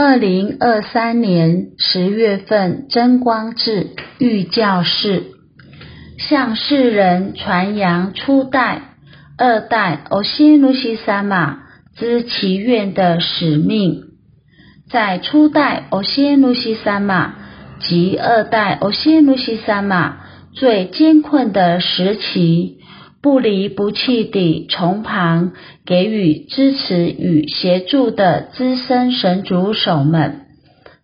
二零二三年十月份，真光誌御教示向世人傳揚初代、二代歐仙奴西三瑪之祈願的使命。在初代歐仙奴西三瑪及二代歐仙奴西三瑪最艱困的時期。不離不棄地從旁給予支持與協助的資深神組手們，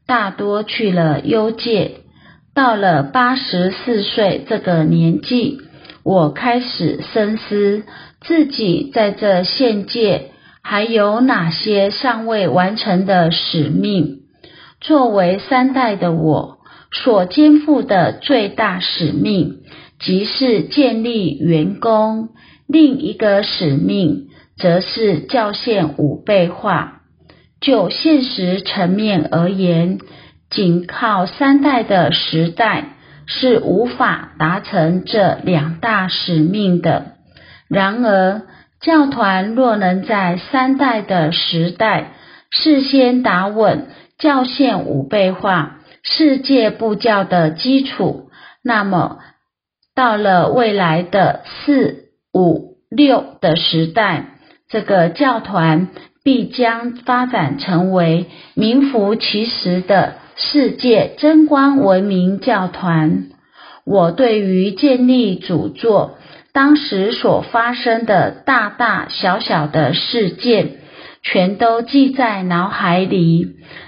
大多去了幽界。到了八十四歲這個年紀，我開始深思自己在這現界還有哪些尚未完成的使命。作為三代的我，所肩負的最大使命。即是建立員工，另一個使命則是教線五倍化。就現實層面而言，僅靠三代的時代是無法達成這兩大使命的。然而，教團若能在三代的時代事先打穩教線五倍化，世界布教的基礎，那麼。到了未來的四五六的時代，這個教團必將發展成為名副其實的世界真光文明教團。我對於建立主座當時所發生的大大小小的事件，全都記在腦海裡。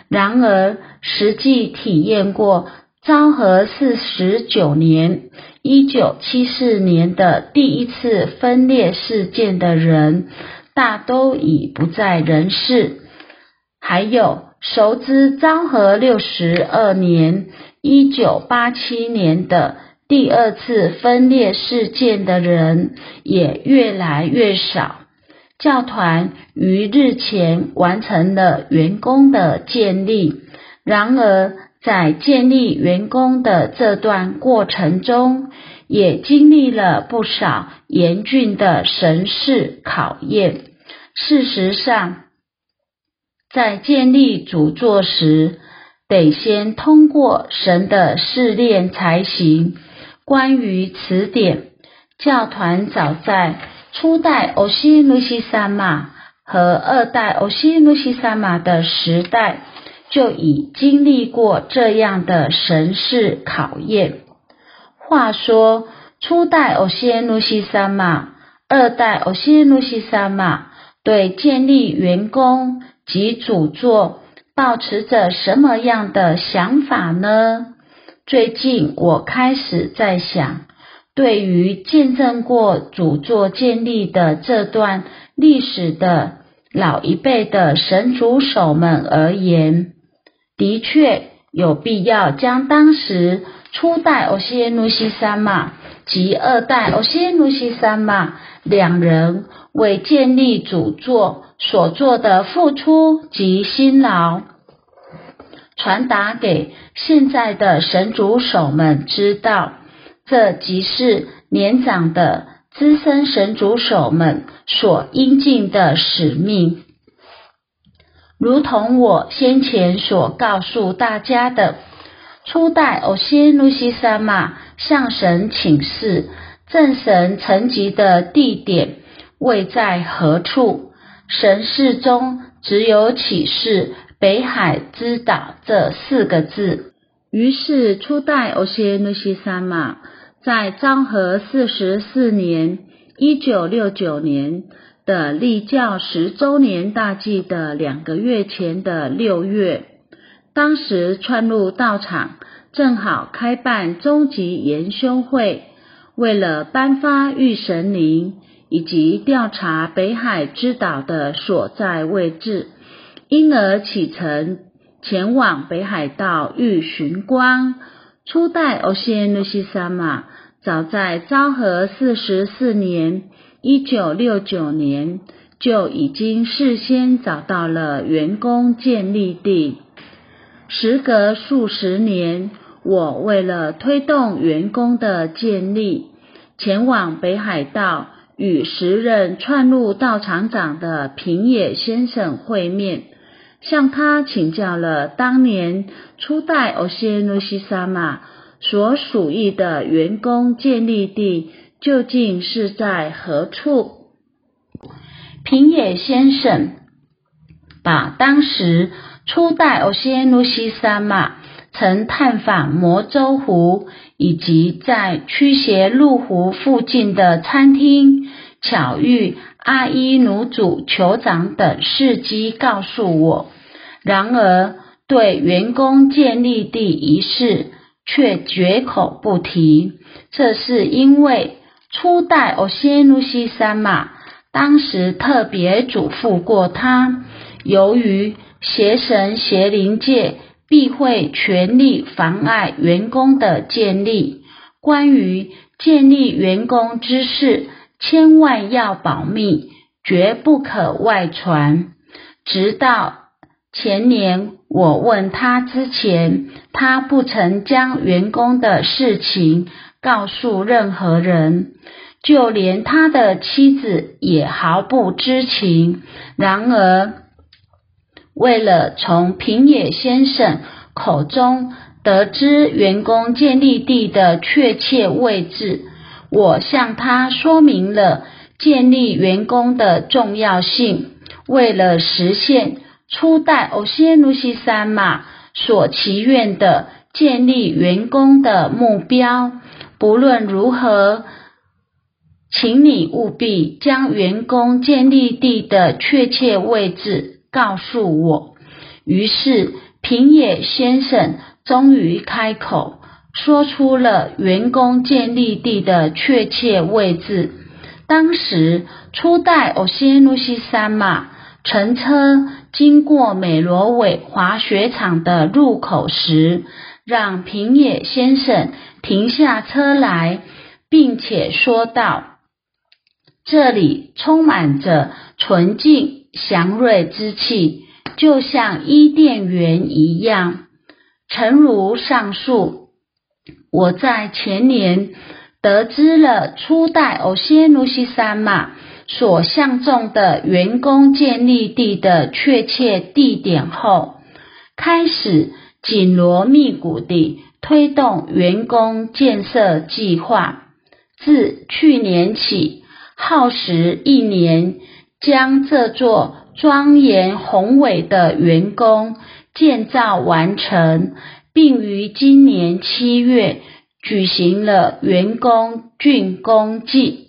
然而，實際體驗過。昭和四十九年 （1974 年）的第一次分裂事件的人，大都已不在人世。還有熟知昭和六十二年 （1987 年）的第二次分裂事件的人也越來越少。教團於日前完成了員工的建立，然而。在建立員工的這段過程中，也經歷了不少嚴峻的神事考驗。事實上，在建立主座時，得先通過神的試煉才行。關於此點，教團早在初代歐西努西薩瑪和二代歐西努西薩瑪的時代，就已經歷過這樣的神事考驗。話說，初代歐西努西薩瑪、二代歐西努西薩瑪對建立員工及主座抱持著什麼樣的想法呢？最近我開始在想，對於見證過主座建立的這段歷史的老一輩的神組手們而言，的確有必要將當時初代歐西努西三瑪及二代歐西努西三瑪兩人為建立主座所做的付出及辛勞傳達給現在的神主手們知道，這即是年長的資深神主手們所應盡的使命。如同我先前所告訴大家的，初代歐西努西薩瑪向神請示正神層級的地點位在何處，神示中只有啟示“北海之島”這四個字。於是初代歐西努西薩瑪在昭和四十四年（一九六九年）的立教十周年大祭的兩個月前的六月，當時釧路道場正好開辦中級研修會，為了頒發御神靈以及調查北海之島的所在位置，因而啟程前往北海道御巡觀。初代御教主様早在昭和四十四年。一九六九年就已經事先找到了員工建立地。時隔數十年，我為了推動員工的建立，前往北海道與時任串路道場長的平野先生會面，向他請教了當年初代歐仙奴西沙瑪所屬意的員工建立地。究竟是在何處？平野先生把當時初代御教示主様曾探訪摩周湖，以及在屈斜路湖附近的餐廳巧遇阿伊奴族酋長等事蹟告訴我，然而對員工建立地一事卻絕口不提。這是因為。初代歐謝奴西三馬當時特別囑咐過他，由於邪神邪靈界必會全力妨礙員工的建立，關於建立員工之事，千萬要保密，絕不可外傳。直到前年我問他之前，他不曾將員工的事情，告訴任何人，就連他的妻子也毫不知情。然而，為了從平野先生口中得知員工建立地的確切位置，我向他說明了建立員工的重要性。為了實現初代歐西盧西三馬所祈願的建立員工的目標。不論如何，請你務必將員工建立地的確切位置告訴我。於是，平野先生終於開口，說出了員工建立地的確切位置。當時，初代奧西努西山馬乘車經過美羅偉滑雪場的入口時，讓平野先生。停下車來，並且說道：“這裡充滿着純淨祥瑞之氣，就像伊甸園一樣。誠如上述，我在前年得知了初代歐歇奴西三瑪所相中的員工建立地的確切地點後，開始緊鑼密鼓地。”推動員工建設計劃，自去年起耗時一年，將這座莊嚴宏偉的員工建造完成，並於今年七月舉行了員工竣工祭。